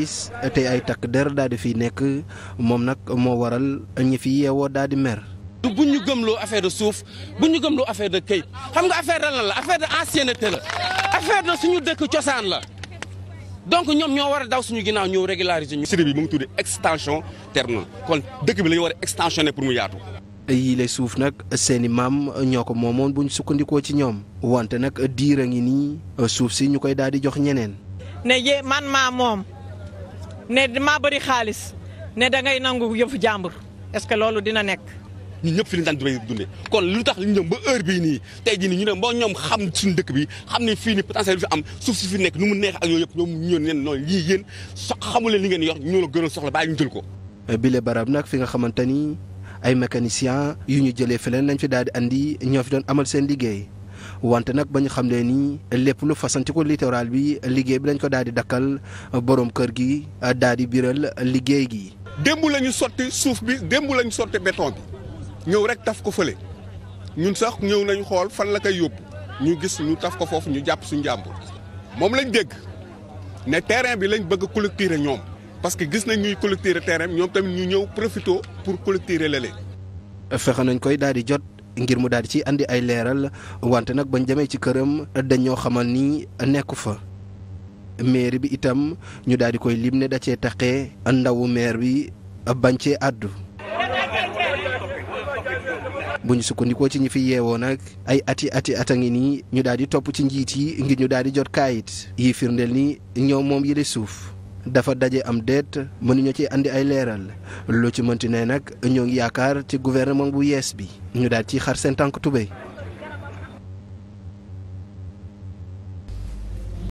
gis tey ay takk der daal di fiy nekk moom nag moo waral ñi fi yeewoo daal di mer. du bu ñu gëmloo affaire de suuf bu ñu gëmloo affaire de këyit xam nga affaire de lan la affaire de ancienneté la affaire de suñu dëkk cosaan la donc ñoom ñoo war a daw suñu ginnaaw ñëw régulariser ñu. siri bi mu ngi tudd extension na kon dëkk bi la war a ne pour mu yaatu. yile suuf nag seeni maam ñoo ko moomoon buñ sukkandikoo ci ñoom wante nag diir a ngi nii suuf si ñu koy daal di jox ñeneen. ne maa bëri xaalis ne da ngay nangu yëfu jàmbur est-ce que loolu dina nekk. ñun ñëpp fi lañ daan dundee kon lu tax ñu ñoom ba heure bii nii tey jii nii ñu ne mboo ñoom xam suñu dëkk bi xam ne fii nii potentiel fi am suuf si fi nekk nu mu neex ak yooyu yëpp ñoom ñoon neen noonu lii yéen so xamu leen li ngeen yor ñoo la gënal soxla bàyyi ñu jël ko bile barab nag fi nga xamante ni ay mécanicien yu ñu jëlee feneen lañ fi daal di andi ñoo fi doon amal seen liggéey wante nag ba ñu xam ne nii lépp lu fasantiku littoral bi liggéey bi dañ ko daal di dakkal borom kër gi daal di biral liggéey gi. démb lañu ñu sotti suuf bi démb la ñu sotti béton bi ñëw rek taf ko fële ñun sax ñëw nañu xool fan la koy yóbbu ñu gis ñu taf ko foofu ñu jàpp suñu jàmbur moom lañ dégg ne terrain bi lañ bëgg collecter ñoom parce que gis nañ ñuy collecter terrain ñoom tamit ñu ñëw profito pour collecter lële. fexe nañu koy daal di jot. ngir mu daal di ci indi ay leeral wante nag bañ demee ci këram dañoo xamal ni nekku fa maire bi itam ñu daal di koy lim ne da cee taqee ndawu meer bi bañ cee àddu bu ñu sukkandikoo ci ñi fi yeewoo nag ay ati ati ata ngi nii ñu daal topp ci njiit yi ngir ñu daal di jot kaayit yi firndeel ni ñoom moom yile suuf dafa daje am déet mënuñoo ci indi ay leeral lu ci mënti ne nag ñoo ngi yaakaar ci gouvernement bu yees bi ñu daal ci xar seen tànk tubéy